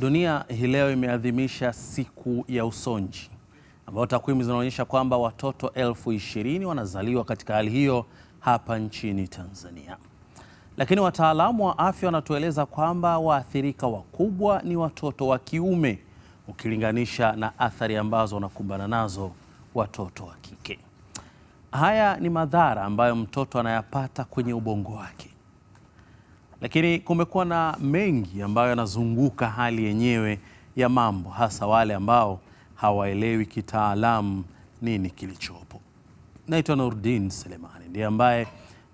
Dunia hii leo imeadhimisha siku ya usonji ambayo takwimu zinaonyesha kwamba watoto elfu ishirini wanazaliwa katika hali hiyo hapa nchini Tanzania. Lakini wataalamu wa afya wanatueleza kwamba waathirika wakubwa ni watoto wa kiume ukilinganisha na athari ambazo wanakumbana nazo watoto wa kike. Haya ni madhara ambayo mtoto anayapata kwenye ubongo wake. Lakini kumekuwa na mengi ambayo yanazunguka hali yenyewe ya mambo, hasa wale ambao hawaelewi kitaalamu nini kilichopo. Naitwa Nurdin Selemani, ndiye ambaye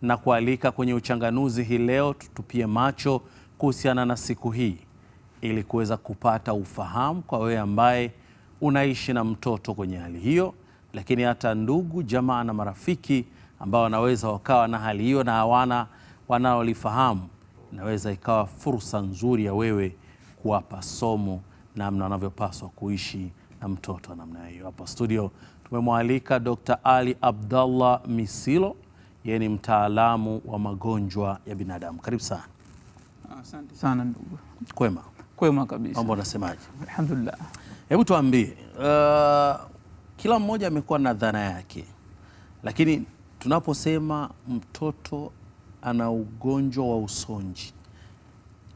nakualika kwenye uchanganuzi hii leo. Tutupie macho kuhusiana na siku hii ili kuweza kupata ufahamu kwa wewe ambaye unaishi na mtoto kwenye hali hiyo, lakini hata ndugu jamaa na marafiki ambao wanaweza wakawa na hali hiyo na hawana wanaolifahamu inaweza ikawa fursa nzuri ya wewe kuwapa somo namna wanavyopaswa kuishi na mtoto namna hiyo. Hapa studio tumemwalika Dr. Ali Abdallah Misilo, yeye ni mtaalamu wa magonjwa ya binadamu. Karibu sana. Asante sana ndugu. Kwema? Kwema kabisa. Mambo unasemaje? Alhamdulillah. Hebu tuambie, uh, kila mmoja amekuwa na dhana yake, lakini tunaposema mtoto ana ugonjwa wa usonji.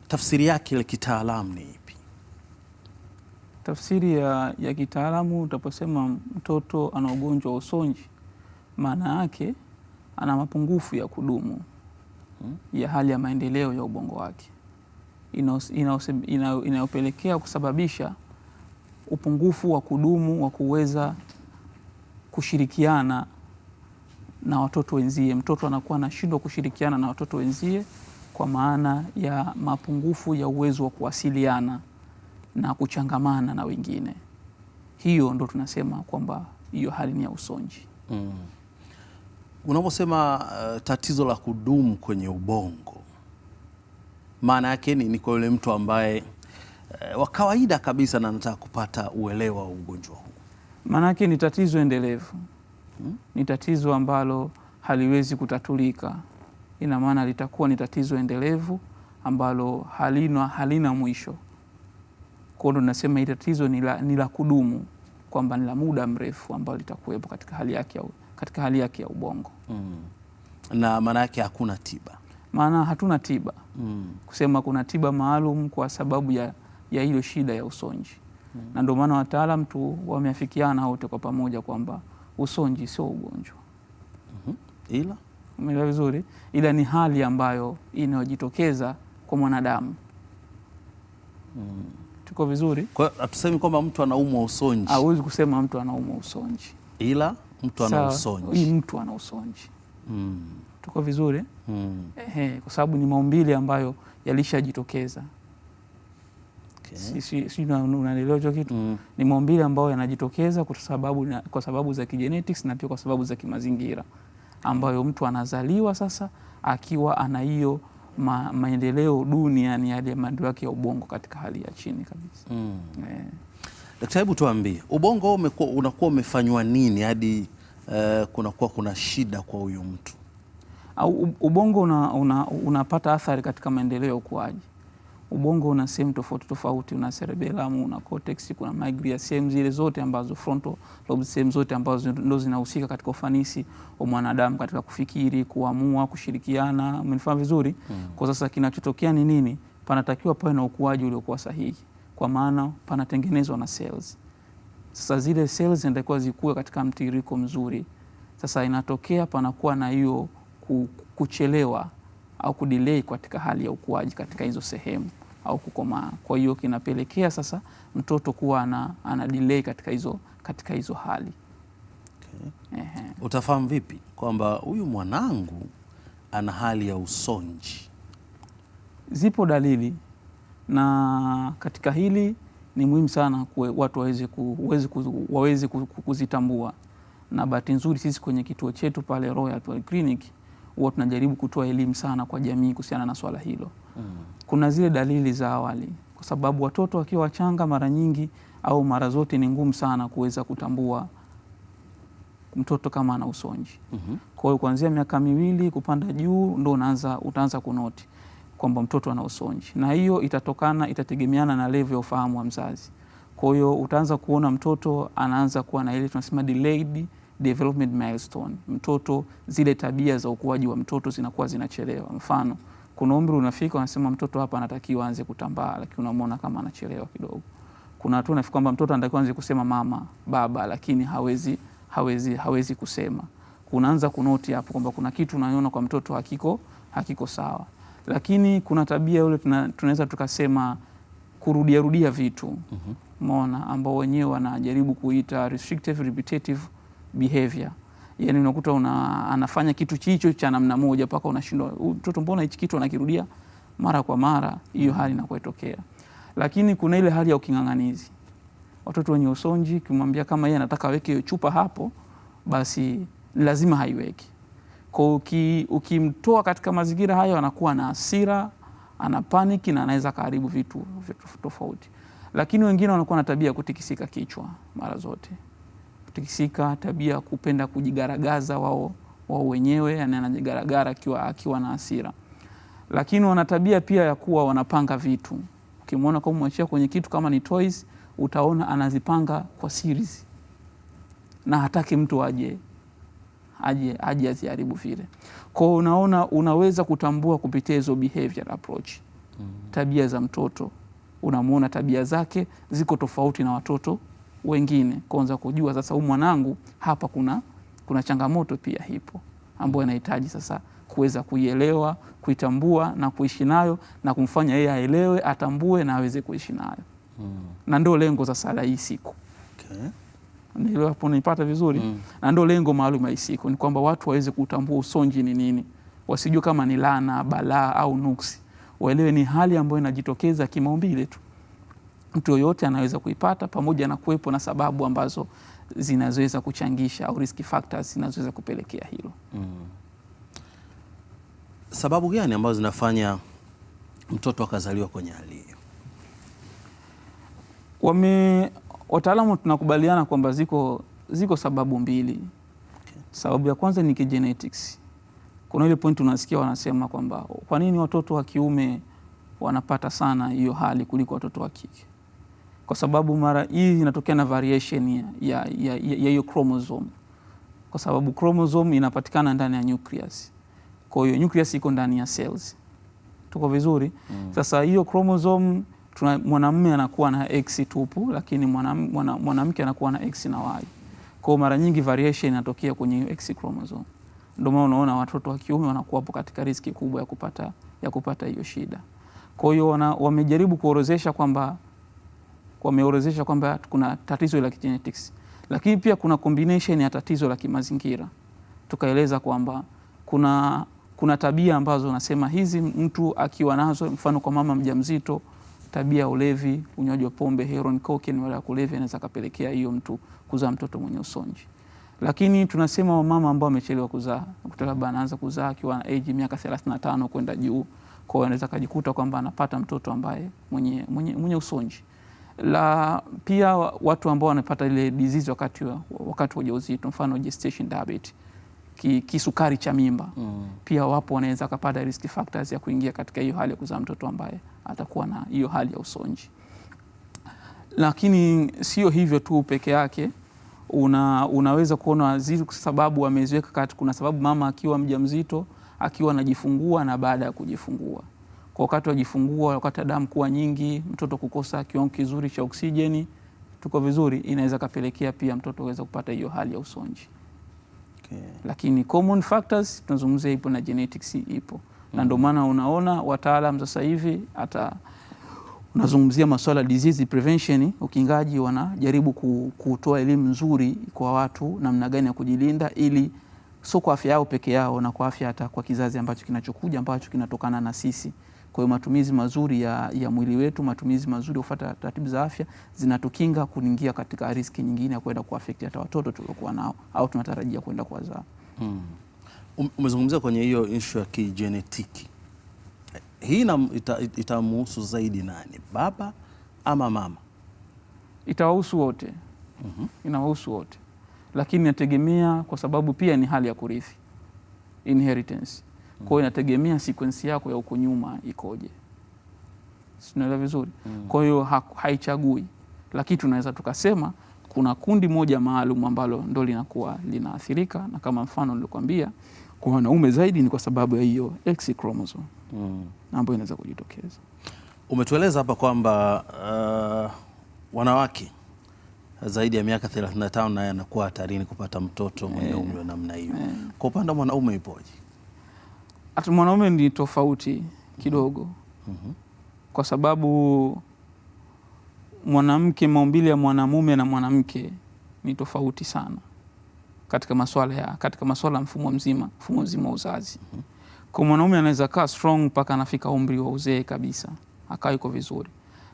Tafsiri yake ya kitaalamu ni ipi? Tafsiri ya, ya kitaalamu utaposema mtoto ana ugonjwa wa usonji, maana yake ana mapungufu ya kudumu ya hali ya maendeleo ya ubongo wake inayopelekea ina, ina kusababisha upungufu wa kudumu wa kuweza kushirikiana na watoto wenzie. Mtoto anakuwa anashindwa kushirikiana na watoto wenzie kwa maana ya mapungufu ya uwezo wa kuwasiliana na kuchangamana na wengine. Hiyo ndo tunasema kwamba hiyo hali ni ya usonji mm. Unaposema uh, tatizo la kudumu kwenye ubongo maana yake ni, ni kwa yule mtu ambaye uh, wa kawaida kabisa na anataka kupata uelewa wa ugonjwa huu, maana yake ni tatizo endelevu. Hmm? ni tatizo ambalo haliwezi kutatulika. Ina maana litakuwa ni tatizo endelevu ambalo halina, halina mwisho. Kwa hiyo tunasema hili tatizo ni la kudumu, kwamba ni la muda mrefu ambalo litakuwepo katika hali yake ya, katika hali yake ya ubongo mm. na maana yake hakuna tiba, maana hatuna tiba mm. kusema kuna tiba maalum kwa sababu ya, ya hilo shida ya usonji mm. na ndio maana wataalamu tu wameafikiana wote kwa pamoja kwamba usonji sio ugonjwa. mm -hmm. Ila umeelewa vizuri, ila ni hali ambayo inayojitokeza kwa mwanadamu. mm. Tuko vizuri, hatusemi kwamba mtu anaumwa usonji. Hauwezi kusema mtu anaumwa usonji, ila mtu ana usonji, mtu ana usonji. mm. Tuko vizuri. mm. Ehe, kwa sababu ni maumbile ambayo yalishajitokeza. Eh? si unaelewa hicho kitu mm. Ni maumbile ambayo yanajitokeza kwa sababu, kwa sababu za kijenetics na pia kwa sababu za kimazingira ambayo mtu anazaliwa sasa akiwa ana hiyo ma, maendeleo duni yani yale maendeleo yake ya ubongo katika hali ya chini kabisa mm. yeah. Daktari, hebu tuambie ubongo unakuwa umefanywa nini hadi uh, kunakuwa kuna shida kwa huyu mtu au ubongo unapata una, una athari katika maendeleo ya ukuaji ubongo una sehemu tofauti tofauti, una cerebellum, una cortex, kuna miglia, sehemu zile zote ambazo frontal lobe, sehemu zote ambazo ndo zinahusika katika ufanisi wa mwanadamu katika kufikiri, kuamua, kushirikiana. Umenifahamu vizuri mm. Kwa sasa kinachotokea ni nini? Panatakiwa pawe na ukuaji uliokuwa sahihi, kwa maana panatengenezwa na cells. Sasa zile cells zinatakiwa zikue katika mtiririko mzuri. Sasa inatokea panakuwa na hiyo kuchelewa au kudelay katika hali ya ukuaji katika hizo sehemu au kukomaa. Kwa hiyo kinapelekea sasa mtoto kuwa ana, ana delay katika hizo, katika hizo hali okay. Ehe. Utafahamu vipi kwamba huyu mwanangu ana hali ya usonji? Zipo dalili na katika hili ni muhimu sana kwe, watu waweze ku, waweze kuzitambua na bahati nzuri sisi kwenye kituo chetu pale Royal Polyclinic huwa tunajaribu kutoa elimu sana kwa jamii kuhusiana na swala hilo mm. kuna zile dalili za awali, kwa sababu watoto wakiwa wachanga mara nyingi au mara zote ni ngumu sana kuweza kutambua mtoto kama ana usonji mm -hmm. Kwa hiyo kuanzia miaka miwili kupanda juu ndo unaanza utaanza kunoti kwamba mtoto ana usonji, na hiyo itatokana itategemeana na level ya ufahamu wa mzazi. Kwa hiyo utaanza kuona mtoto anaanza kuwa na ile tunasema delayed development milestone, mtoto zile tabia za ukuaji wa mtoto zinakuwa zinachelewa, mfano kuna umri unafika wanasema mtoto hapa anatakiwa anze kutambaa, lakini unamwona kama anachelewa kidogo. Kuna hatua nafika kwamba mtoto anatakiwa anze kusema mama, baba, lakini hawezi, hawezi, hawezi kusema. Kunaanza kunoti hapo kwamba kuna kitu unaona kwa mtoto hakiko, hakiko sawa. Lakini kuna tabia yule tunaweza tukasema kurudia rudia vitu mona mhm. mm -hmm. ambao wenyewe wanajaribu kuita restrictive repetitive behavior yani unakuta una, anafanya kitu chicho cha namna moja mpaka unashindwa mtoto, mbona hichi kitu anakirudia mara kwa mara? Hiyo hali inakuwa itokea. Lakini kuna ile hali ya uking'ang'anizi, watoto wenye usonji, kimwambia kama yeye anataka aweke chupa hapo, basi lazima haiweki. Kwa uki, ukimtoa katika mazingira hayo anakuwa na hasira, ana paniki na anaweza kaharibu vitu, vitu tofauti. Lakini wengine wanakuwa na tabia ya kutikisika kichwa mara zote kutikisika, tabia ya kupenda kujigaragaza wao wao wenyewe, yani anajigaragara akiwa akiwa na hasira. Lakini wana tabia pia ya kuwa wanapanga vitu. Ukimwona kama mwachia kwenye kitu kama ni toys, utaona anazipanga kwa series na hataki mtu aje aje aje aziharibu vile. Kwa hiyo unaona, unaweza kutambua kupitia hizo behavior approach mm. tabia za mtoto, unamwona tabia zake ziko tofauti na watoto wengine kuanza kujua sasa, huyu mwanangu hapa kuna, kuna changamoto pia hipo ambayo anahitaji sasa kuweza kuielewa, kuitambua na kuishi nayo na kumfanya yeye aelewe, atambue na aweze kuishi nayo hmm. na ndio lengo sasa la hii siku okay. hapo nipata vizuri hmm. na ndio lengo maalum ya hii siku ni kwamba watu waweze kutambua usonji ni nini, wasijue kama ni laana, balaa au nuksi, waelewe ni hali ambayo inajitokeza kimaumbile tu mtu yoyote anaweza kuipata pamoja na kuwepo na sababu ambazo zinazoweza kuchangisha au risk factors zinazoweza kupelekea hilo. Mm. Sababu gani ambazo zinafanya mtoto akazaliwa kwenye hali hiyo? Wame wataalamu tunakubaliana kwamba ziko, ziko sababu mbili. Okay. Sababu ya kwanza ni kigenetics. Kuna ile point unasikia wanasema kwamba kwa nini watoto wa kiume wanapata sana hiyo hali kuliko watoto wa kike? kwa sababu mara hii inatokea na variation ya hiyo ya, ya, ya chromosome, kwa sababu chromosome inapatikana ndani ya nucleus. Kwa hiyo nucleus iko ndani ya cells, tuko vizuri mm. Sasa hiyo chromosome tuna mwanamume anakuwa na X tupu, lakini mwanamke mwana, mwana anakuwa na X na Y. Kwa hiyo mara nyingi variation inatokea kwenye hiyo X chromosome, ndio maana unaona watoto wa kiume wanakuwa hapo katika riski kubwa ya kupata ya kupata hiyo shida. Kwa hiyo wamejaribu kuorozesha kwamba wameorodhesha kwamba kuna tatizo la genetics, lakini pia kuna combination ya tatizo la kimazingira. Tukaeleza kwamba kuna, kuna tabia ambazo nasema hizi mtu akiwa nazo, mfano kwa mama mjamzito, tabia ya ulevi, unywaji wa pombe, heroin, cocaine, wala ya kulevya inaweza kapelekea hiyo mtu kuzaa mtoto mwenye usonji lakini tunasema wamama ambao wamechelewa kuzaa, kuta labda anaanza kuzaa akiwa na age miaka 35 kwenda juu, kwao anaweza akajikuta kwamba anapata mtoto ambaye mwenye, mwenye, mwenye usonji la pia watu ambao wanapata ile disease wakati wa, wakati wa ujauzito, mfano gestation diabetes, kisukari ki cha mimba mm. Pia wapo wanaweza kupata risk factors ya kuingia katika hiyo hali ya kuzaa mtoto ambaye atakuwa na hiyo hali ya usonji. Lakini sio hivyo tu peke yake, una, unaweza kuona zile sababu wameziweka kati. Kuna sababu mama akiwa mjamzito, akiwa anajifungua na baada ya kujifungua wakati wajifungua, wakati damu kuwa nyingi, mtoto kukosa kiwango kizuri cha oksijeni, tuko vizuri, inaweza kapelekea pia mtoto aweza kupata hiyo hali ya usonji. Okay. Lakini common factors tunazungumzia ipo na genetics ipo. Mm -hmm. Na ndio mm. maana unaona wataalam sasa hivi hata unazungumzia masuala disease prevention, ukingaji, wanajaribu kutoa elimu nzuri kwa watu namna gani ya kujilinda ili sio kwa afya yao peke yao na kwa afya hata kwa kizazi ambacho kinachokuja ambacho kinatokana na sisi. Kwa hiyo matumizi mazuri ya, ya mwili wetu, matumizi mazuri ya kufuata taratibu za afya zinatukinga kuingia katika riski nyingine ya kwenda kuafekti hata watoto tuliokuwa nao au tunatarajia kwenda kuwazaa. Hmm. Um, umezungumzia kwenye hiyo ishu ya kijenetiki, hii itamuhusu ita zaidi nani, baba ama mama? Itawahusu wote. mm -hmm. Inawahusu wote, lakini inategemea kwa sababu pia ni hali ya kurithi inheritance kwa hiyo inategemea sequence yako ya huko nyuma ikoje, sinaelewa vizuri. Mm. Kwa hiyo haichagui, lakini tunaweza tukasema kuna kundi moja maalum ambalo ndo linakuwa linaathirika, na kama mfano nilikwambia kwa wanaume zaidi ni kwa sababu ya hiyo X chromosome mm. ambayo inaweza kujitokeza. Umetueleza hapa kwamba uh, wanawake zaidi ya miaka 35 naye anakuwa hatarini kupata mtoto mwenye eh. umri wa namna hiyo. Eh. Kwa upande wa mwanaume ipoje? hata mwanaume ni tofauti kidogo mm -hmm. kwa sababu mwanamke, maumbili ya mwanamume na mwanamke ni tofauti sana katika maswala ya katika maswala ya mfumo mzima mfumo mzima wa uzazi mm -hmm. Kwa mwanaume anaweza kaa strong mpaka anafika umri wa uzee kabisa akaa yuko vizuri,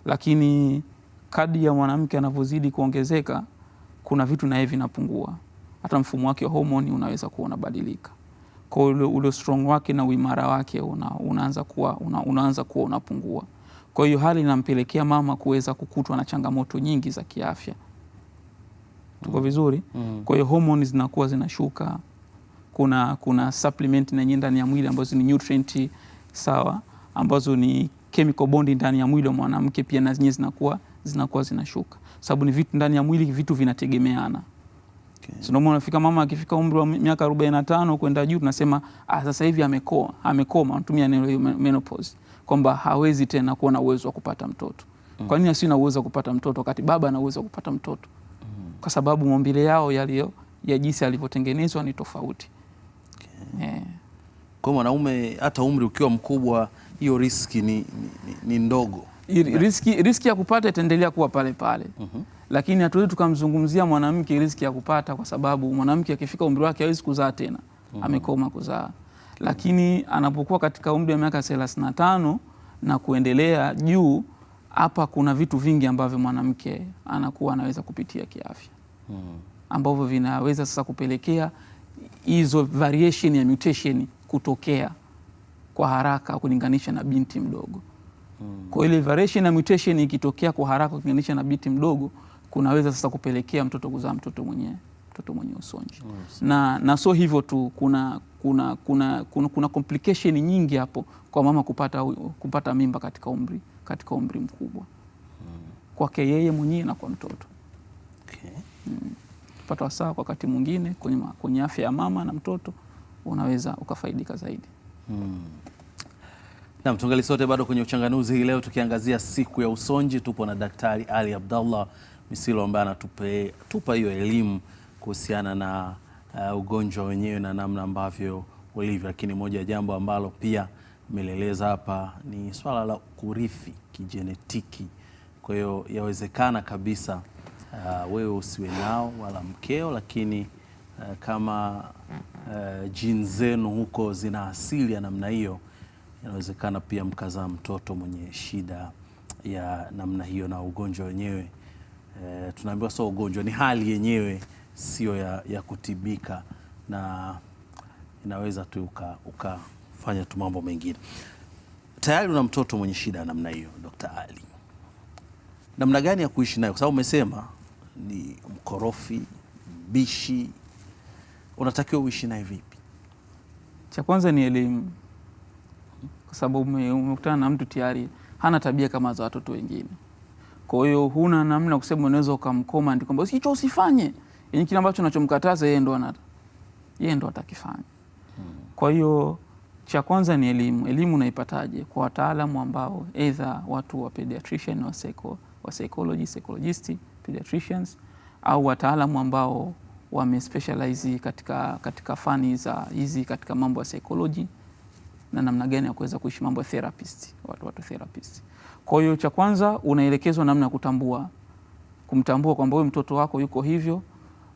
lakini kadi ya mwanamke anavyozidi kuongezeka, kuna vitu naye vinapungua, hata mfumo wake wa homoni unaweza kuwa unabadilika kwa ule, ule strong wake na uimara wake una, unaanza kuwa una, unaanza kuwa unapungua. Kwa hiyo hali inampelekea mama kuweza kukutwa na changamoto nyingi za kiafya. Tuko mm. vizuri? Mm. Kwa hiyo homoni zinakuwa zinashuka. Kuna kuna supplement na ndani ya mwili ambazo ni nutrient sawa, ambazo ni chemical bond ndani ya mwili wa mwanamke pia na zenyewe zinakuwa zinakuwa zinashuka, sababu ni vitu ndani ya mwili, vitu vinategemeana okay. Sindomo nafika mama akifika umri wa miaka 45 na tano kwenda juu tunasema ah, sasa hivi amekoa amekoma, anatumia neno hiyo menopause, kwamba hawezi tena kuwa na uwezo wa kupata mtoto mm. Kwa nini asiwe na uwezo wa kupata mtoto wakati baba ana uwezo wa kupata mtoto mm? Kwa sababu maumbile yao yaliyo ya jinsi alivyotengenezwa ni tofauti okay. yeah. Kwa mwanaume hata umri ukiwa mkubwa hiyo riski ni, ni, ni, ni ndogo. Riski, riski ya kupata itaendelea kuwa pale pale. mm -hmm lakini hatuwezi tukamzungumzia mwanamke riziki ya kupata, kwa sababu mwanamke akifika umri wake hawezi kuzaa tena, mhm. amekoma kuzaa. Lakini anapokuwa katika umri wa miaka thelathini na tano na kuendelea juu, hapa kuna vitu vingi ambavyo mwanamke anakuwa anaweza kupitia kiafya mhm. ambavyo vinaweza sasa kupelekea hizo variation ya mutation kutokea kwa haraka kulinganisha na binti mdogo. Mhm. Kwa ile variation na mutation ikitokea kwa haraka kulinganisha na binti mdogo kunaweza sasa kupelekea mtoto kuzaa mtoto mwenye mtoto mwenye usonji mm. Na, na so hivyo tu kuna, kuna, kuna, kuna, kuna complication nyingi hapo kwa mama kupata, kupata mimba katika umri, katika umri mkubwa hmm. Kwake yeye mwenyewe na kwa mtoto okay. mm. pata wasaa kwa wakati mwingine kwenye, kwenye afya ya mama na mtoto unaweza ukafaidika zaidi mm. Nam, tungali sote bado kwenye uchanganuzi hii leo tukiangazia siku ya usonji. Tupo na Daktari Ali Abdallah Misilo ambaye anatupa hiyo elimu kuhusiana na uh, ugonjwa wenyewe na namna ambavyo ulivyo. Lakini moja ya jambo ambalo pia amelieleza hapa ni swala la kurithi kijenetiki. Kwa hiyo yawezekana kabisa uh, wewe usiwe nao wala mkeo, lakini uh, kama uh, jini zenu huko zina asili ya namna hiyo, inawezekana pia mkazaa mtoto mwenye shida ya namna hiyo na ugonjwa wenyewe Eh, tunaambiwa sio ugonjwa, ni hali yenyewe siyo ya, ya kutibika na inaweza tu ukafanya tu mambo mengine. Tayari una mtoto mwenye shida ya namna hiyo, Dr. Ali, namna gani ya kuishi nayo? Kwa sababu umesema ni mkorofi, bishi, unatakiwa uishi naye vipi? Cha kwanza ni elimu, kwa sababu umekutana na mtu tayari hana tabia kama za watoto wengine kwa hiyo huna namna kusema unaweza ukamcommand kwamba hicho usifanye, yani kile ambacho unachomkataza yeye ndo ana yeye ndo atakifanya. Kwa hiyo cha kwanza ni elimu. Elimu unaipataje? Kwa wataalamu ambao either watu wa pediatrician wa psycho, wa psychology, psychologist, pediatricians au wataalamu ambao specialize katika, katika fani za hizi katika mambo ya psychology na namna gani ya kuweza kuishi mambo ya therapist, watu watu therapist. Kwa hiyo cha kwanza unaelekezwa namna ya kutambua kumtambua kwamba huyu mtoto wako yuko hivyo,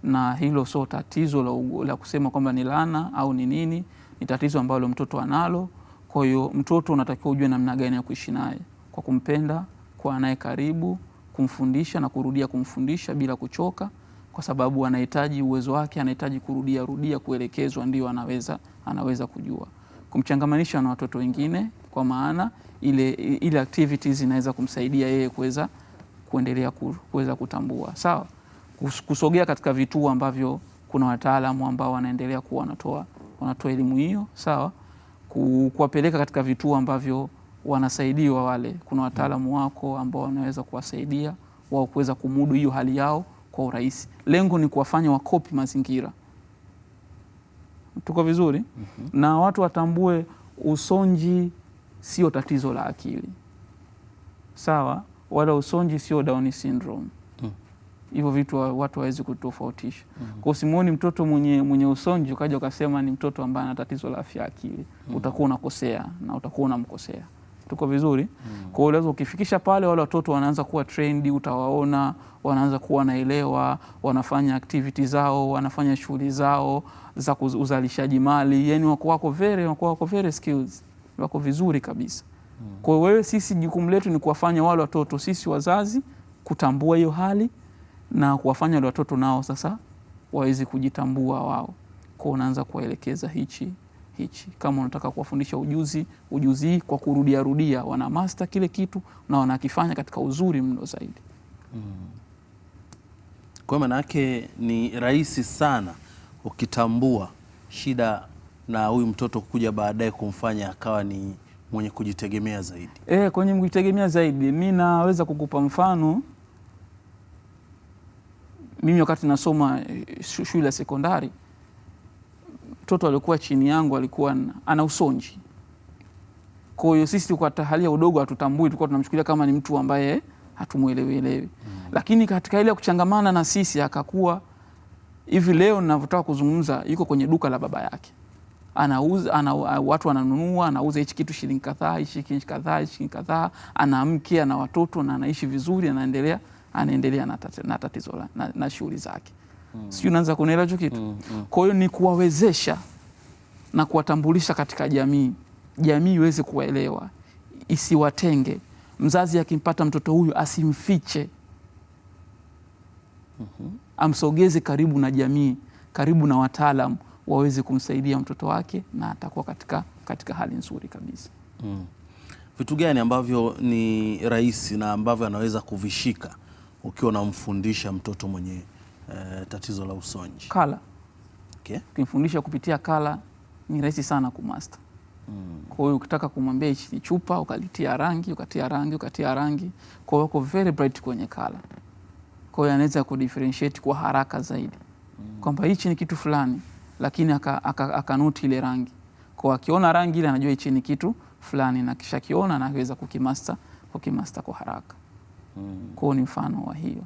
na hilo sio tatizo la, la kusema kwamba ni laana au ni nini, ni tatizo ambalo mtoto analo. Kwa hiyo mtoto unatakiwa ujue namna gani ya kuishi naye kwa kumpenda, kwa naye karibu, kumfundisha na kurudia kumfundisha bila kuchoka, kwa sababu anahitaji uwezo wake, anahitaji kurudia rudia kuelekezwa, ndio anaweza anaweza kujua kumchangamanisha na watoto wengine, kwa maana ile, ile activities zinaweza kumsaidia yeye kuweza kuendelea kuweza kutambua sawa, kusogea katika vituo ambavyo kuna wataalamu ambao wanaendelea kuwa wanatoa wanatoa elimu hiyo sawa, kuwapeleka katika vituo ambavyo wanasaidiwa wale, kuna wataalamu wako ambao wanaweza kuwasaidia wao kuweza kumudu hiyo hali yao kwa urahisi. Lengo ni kuwafanya wakopi mazingira tuko vizuri mm -hmm. na watu watambue usonji sio tatizo la akili sawa, wala usonji sio Down syndrome mm. Hivyo vitu wa, watu wawezi kutofautisha mm -hmm. Kwa usimuoni mtoto mwenye, mwenye usonji ukaja ukasema ni mtoto ambaye ana tatizo la afya akili mm -hmm. Utakuwa unakosea na utakuwa unamkosea tuko vizuri mm. Kwa hiyo ukifikisha pale, wale watoto wanaanza kuwa trendy, utawaona wanaanza kuwa wanaelewa, wanafanya activity zao, wanafanya shughuli zao za uzalishaji mali, yani wako wako very wako wako very skills, wako vizuri kabisa mm. Kwa hiyo wewe, sisi jukumu letu ni kuwafanya wale watoto, sisi wazazi, kutambua hiyo hali na kuwafanya wale watoto nao sasa waweze kujitambua wao, kwa unaanza kuwaelekeza hichi hichi. Kama unataka kuwafundisha ujuzi, ujuzi kwa kurudia rudia, wana master kile kitu na wanakifanya katika uzuri mno zaidi. Mm. Kwa maana yake ni rahisi sana ukitambua shida na huyu mtoto kuja baadaye kumfanya akawa ni mwenye kujitegemea zaidi. E, kwenye kujitegemea zaidi, mi naweza kukupa mfano. Mimi wakati nasoma eh, shule ya sekondari mtoto aliokuwa chini yangu alikuwa ana usonji. Kwa hiyo sisi kwa ya udogo hatutambui, tulikuwa tunamchukulia kama ni mtu ambaye hatumuelewielewi mm. Lakini katika ile ya kuchangamana na sisi akakuwa hivi, leo ninavyotaka kuzungumza, yuko kwenye duka la baba yake anauza ana, watu wananunua, anauza hichi kitu shilingi kadhaa, hichi kitu kadhaa, hichi kadhaa, ana mke, ana watoto na anaishi vizuri, anaendelea anaendelea na tatizo na, na shughuli zake mm. Sijui unaanza kunaelewa hicho kitu mm. mm. Kwa hiyo ni kuwawezesha na kuwatambulisha katika jamii, jamii iweze kuwaelewa, isiwatenge. Mzazi akimpata mtoto huyu asimfiche mm -hmm. Amsogeze karibu na jamii, karibu na wataalamu waweze kumsaidia mtoto wake na atakuwa katika, katika hali nzuri kabisa mm. Vitu gani ambavyo ni rahisi na ambavyo anaweza kuvishika ukiwa unamfundisha mtoto mwenyewe? Eh, tatizo la usonji kala. Okay. Ukimfundisha kupitia kala ni rahisi sana kumasta. Mm. Kwa hiyo ukitaka kumwambia hichi ni chupa, ukalitia rangi, ukatia rangi, ukatia rangi, kwa hiyo uko very bright kwenye kala. Kwa hiyo anaweza kudifferentiate kwa haraka zaidi mm. kwamba hichi ni kitu fulani, lakini akanoti ile rangi. Kwa akiona rangi ile anajua hichi ni kitu fulani, na kisha kiona anaweza kukimasta kukimasta kwa haraka mm. Kwa hiyo ni mfano wa hiyo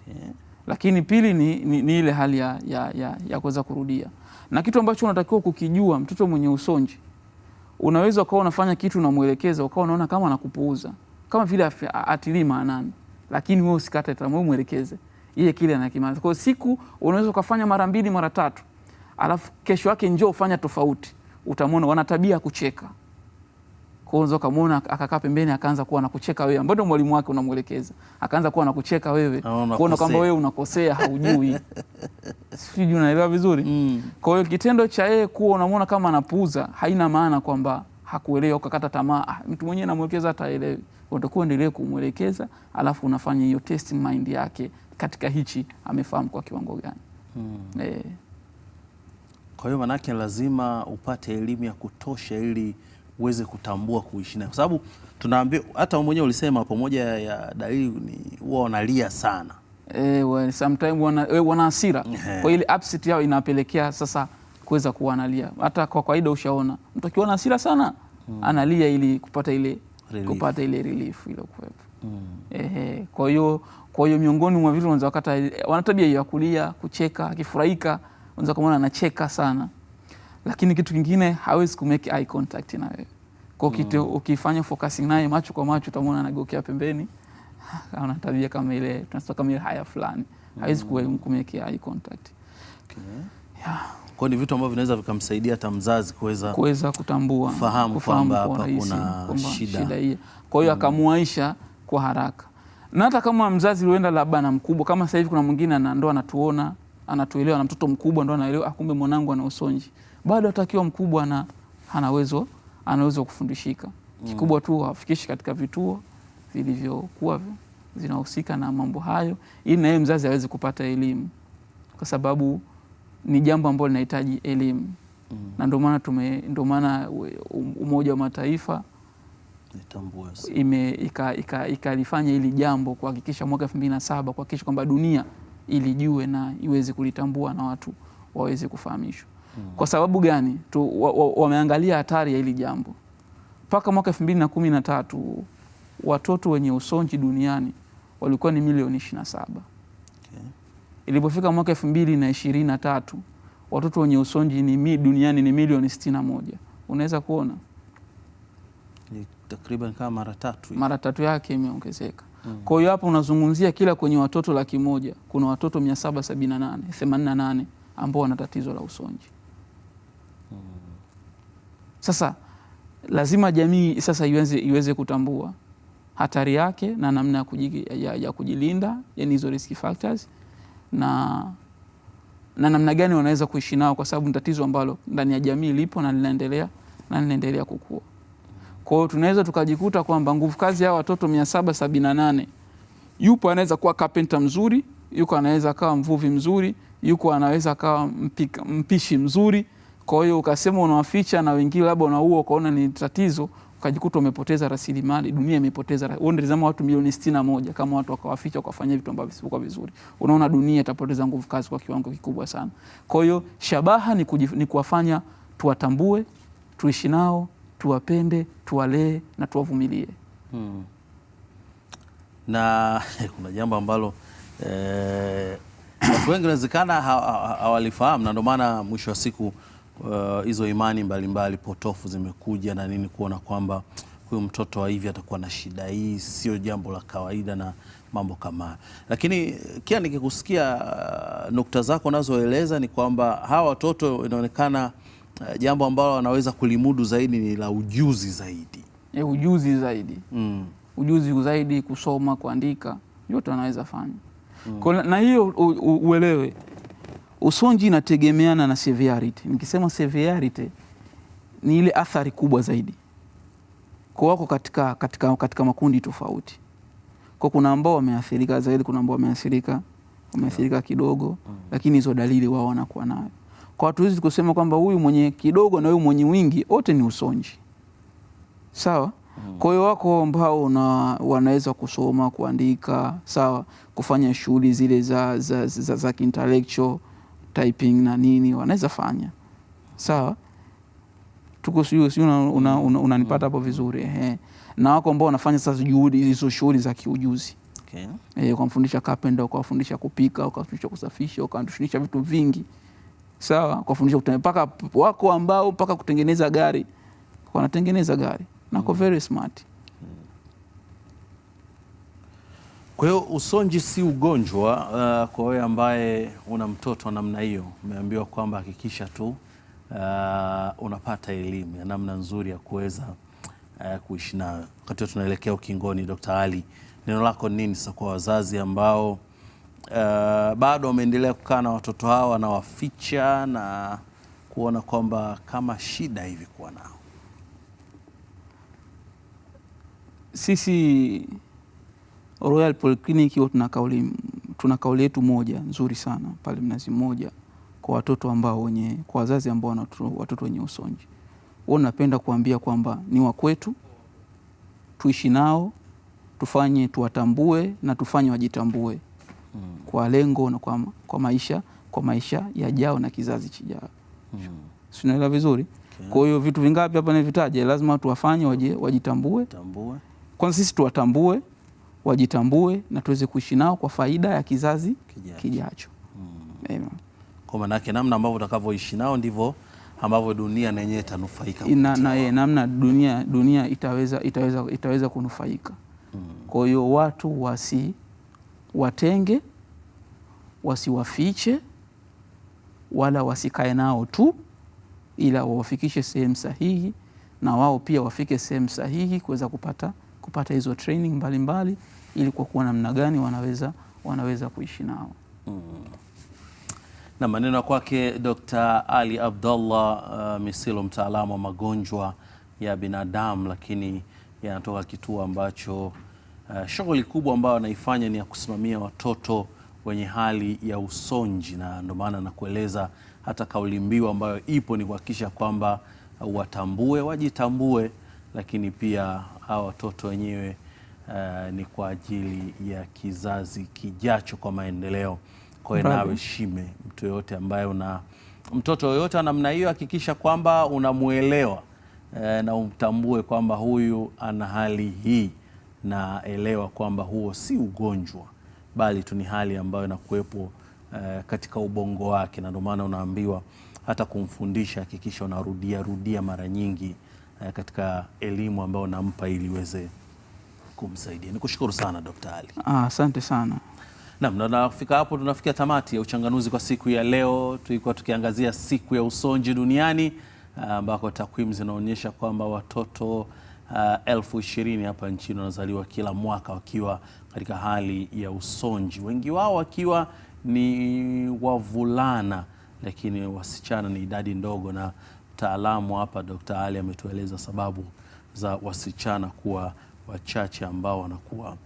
okay lakini pili ni, ni, ni ile hali ya, ya, ya, ya kuweza kurudia, na kitu ambacho unatakiwa kukijua, mtoto mwenye usonji unaweza ukawa unafanya kitu unamwelekeza, ukawa unaona kama anakupuuza, kama vile atilii maanani, lakini wewe usikate tamaa, mwelekeze yeye kile anakimaliza. Kwa siku unaweza ukafanya mara mbili mara tatu, alafu kesho yake njoo ufanya tofauti, utamwona wana tabia ya kucheka. Kwanza ukamwona akakaa pembeni akaanza kuwa anakucheka wewe, ambapo ndio mwalimu wake unamwelekeza, akaanza kuwa anakucheka wewe, kuona kwamba wewe unakosea, haujui sijui, unaelewa vizuri mm. Kwa hiyo kitendo cha yeye kuwa unamwona kama anapuuza haina maana kwamba hakuelewa ukakata tamaa. Ah, mtu mwenyewe namwelekeza ataelewi, utakuwa endelee kumwelekeza, alafu unafanya hiyo test mind yake katika hichi amefahamu kwa kiwango gani mm. E. Kwa hiyo manake lazima upate elimu ya kutosha ili uweze kutambua kuishi naye, kwa sababu tunaambia hata mwenyewe ulisema pamoja moja ya dalili ni huwa wanalia sana eh, well, sometimes wana, e, wana hasira eh. kwa ile upset yao inapelekea sasa kuweza kuwa analia. Hata kwa kawaida ushaona mtu akiwa na hasira sana hmm. analia ili kupata ile relief. kupata ile relief ile kuwepo mm. eh, kwa hiyo kwa hiyo miongoni mwa vitu wanaweza wakata, wana tabia ya kulia, kucheka, akifurahika unaweza kumwona anacheka sana lakini kitu kingine hawezi kumake eye contact na wewe kwa kitu mm. Ukifanya focusing naye macho kwa macho, utamwona anagokea pembeni, ana tabia kama ile tunasema kama ile haya fulani hawezi mm. hawezi kumake eye contact okay. yeah. Kwa ni vitu ambavyo vinaweza vikamsaidia hata mzazi kuweza kuweza kutambua fahamu kwamba hapa kuna shida hii, kwa hiyo mm. akamuaisha kwa haraka, na hata kama mzazi uenda labda na mkubwa kama sasa hivi kuna mwingine ana ndoa anatuona anatuelewa na mtoto mkubwa ndo anaelewa, akumbe ah, mwanangu ana usonji bado atakiwa mkubwa na anawezo anaweza kufundishika. Kikubwa tu hawafikishi katika vituo vilivyokuwa zinahusika na mambo hayo, ili na yeye mzazi aweze kupata elimu, kwa sababu ni jambo ambalo linahitaji elimu mm. na ndio maana tume ndio maana Umoja wa Mataifa ikalifanya ika, ika, ika hili jambo kuhakikisha mwaka elfu mbili na saba kuhakikisha kwamba dunia ilijue na iweze kulitambua na watu waweze kufahamishwa. Kwa sababu gani tu wameangalia wa, wa hatari ya hili jambo. Mpaka mwaka elfu mbili na kumi na tatu watoto wenye usonji duniani walikuwa ni milioni ishirini na saba okay. Ilipofika mwaka elfu mbili na ishirini na tatu watoto wenye usonji ni mi, duniani ni milioni sitini na moja unaweza kuona takriban kama mara tatu mara tatu yake imeongezeka. Mm. Kwa hiyo hapo unazungumzia kila kwenye watoto laki moja kuna watoto mia saba sabini na nane themanini na nane ambao wana tatizo la usonji. Sasa lazima jamii sasa iweze, iweze kutambua hatari yake na namna ya, ya kujilinda, yani hizo risk factors na, na namna gani wanaweza kuishi nao, kwa sababu ni tatizo ambalo ndani ya jamii lipo na linaendelea na linaendelea kukua. Kwa hiyo tunaweza tukajikuta kwamba nguvu kazi ya watoto mia saba sabini na nane yupo anaweza kuwa kapenta mzuri, yuko anaweza kawa mvuvi mzuri, yuko anaweza kawa mpika, mpishi mzuri kwa hiyo ukasema unawaficha na wengine labda unaua ukaona ni tatizo, ukajikuta umepoteza rasilimali, dunia imepoteza. Wewe unatazama watu milioni sitini na moja kama watu wakawaficha wakafanya vitu ambavyo visivyokuwa vizuri, unaona dunia itapoteza nguvu kazi kwa kiwango kikubwa sana. Kwa hiyo shabaha ni, kujif, ni kuwafanya tuwatambue, tuishi nao, tuwapende, tuwalee na tuwavumilie. hmm. na kuna jambo ambalo eh, watu wengi inawezekana hawalifahamu ha, ha, na ndio maana mwisho wa siku Uh, hizo uh, imani mbalimbali mbali potofu zimekuja na nini, kuona kwamba huyu mtoto wa hivi atakuwa na shida hii, sio jambo la kawaida na mambo kama. Lakini kia nikikusikia uh, nukta zako unazoeleza ni kwamba hawa watoto inaonekana uh, jambo ambalo wanaweza kulimudu zaidi ni la ujuzi zaidi e, ujuzi zaidi mm. ujuzi zaidi, kusoma, kuandika, yote wanaweza fanya mm. na hiyo uelewe Usonji inategemeana na severity. Nikisema severity ni ile athari kubwa zaidi, kwa wako katika, katika, katika makundi tofauti, kwa kuna ambao wameathirika zaidi, kuna ambao wameathirika wameathirika kidogo, lakini hizo dalili wao wanakuwa nayo. Kwa watu hizi kusema kwamba huyu mwenye kidogo na huyu mwenye wingi wote ni usonji, sawa. Hmm. Kwa hiyo wako ambao wanaweza kusoma, kuandika, sawa, kufanya shughuli zile za, za, za, za, za intellectual typing na nini wanaweza fanya sawa. Tuko sijui unanipata una, una, una hapo vizuri ehe. Na wako ambao wanafanya sasa juhudi hizo shughuli za kiujuzi okay. E, eh, ukamfundisha carpenter, ukawafundisha kupika, ukawafundisha kusafisha, ukawafundisha vitu vingi sawa, ukawafundisha mpaka wako ambao mpaka kutengeneza gari wanatengeneza gari nako mm. very smart Kwa hiyo usonji si ugonjwa uh, kwa wewe ambaye una mtoto namna hiyo, umeambiwa kwamba hakikisha tu uh, unapata elimu ya namna nzuri ya kuweza uh, kuishi nayo. Wakati tunaelekea ukingoni, Dr. ali neno lako nini sasa kwa wazazi ambao uh, bado wameendelea kukaa na watoto hao wanawaficha na kuona kwamba kama shida hivi kuwa nao? Sisi Royal Polyclinic huwa tuna kauli tuna kauli yetu moja nzuri sana pale Mnazi Mmoja kwa watoto ambao wenye kwa wazazi ambao wana watoto wenye usonji. Wao napenda kuambia kwamba ni wa kwetu, tuishi nao, tufanye tuwatambue na tufanye wajitambue kwa lengo na kwa, kwa maisha kwa maisha yajao na kizazi chijao mm. Sinaelewa vizuri Kwa hiyo vitu vingapi hapa nivitaje, lazima tuwafanye wajitambue, kwanza sisi tuwatambue wajitambue na tuweze kuishi nao kwa faida ya kizazi kijacho. Hmm. Kwa maana yake namna ambavyo utakavyoishi nao ndivyo ambavyo dunia na yenyewe itanufaika na, na ye, namna dunia, dunia itaweza, itaweza, itaweza kunufaika. Hmm. Kwa hiyo watu wasi watenge wasiwafiche wala wasikae nao tu, ila wawafikishe sehemu sahihi na wao pia wafike sehemu sahihi kuweza kupata kupata hizo training mbalimbali mbali ili kwa kuwa namna gani wanaweza, wanaweza kuishi nao Na maneno kwake Dr. Ali abdullah uh, Misilo, mtaalamu wa magonjwa ya binadamu, lakini yanatoka kituo ambacho uh, shughuli kubwa ambayo anaifanya ni ya kusimamia watoto wenye hali ya usonji, na ndio maana nakueleza hata kauli mbiu ambayo ipo ni kuhakikisha kwamba uh, watambue, wajitambue, lakini pia hawa watoto wenyewe uh, ni kwa ajili ya kizazi kijacho kwa maendeleo. Kwa hiyo nawe shime mtu yoyote ambaye una mtoto yoyote wa namna hiyo, hakikisha kwamba unamwelewa uh, eh, na umtambue kwamba huyu ana hali hii, na elewa kwamba huo si ugonjwa, bali tu ni hali ambayo inakuwepo uh, katika ubongo wake, na ndio maana unaambiwa hata kumfundisha hakikisha unarudia rudia mara nyingi katika elimu ambayo unampa ili iweze kumsaidia. kushukuru sana Dkt. Ali. Ah, asante ah, sana. nam na nafika hapo tunafikia tamati ya uchanganuzi kwa siku ya leo. Tulikuwa tukiangazia siku ya usonji duniani ambako takwimu zinaonyesha kwamba watoto uh, elfu ishirini hapa nchini wanazaliwa kila mwaka wakiwa katika hali ya usonji, wengi wao wakiwa ni wavulana, lakini wasichana ni idadi ndogo, na mtaalamu hapa Dkt. Ali ametueleza sababu za wasichana kuwa wachache ambao wanakuwa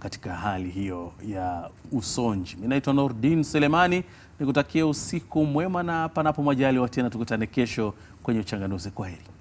katika hali hiyo ya usonji. Mi naitwa Nordin Selemani, nikutakie usiku mwema na panapo majaliwa watena, tukutane kesho kwenye Uchanganuzi. kwa heri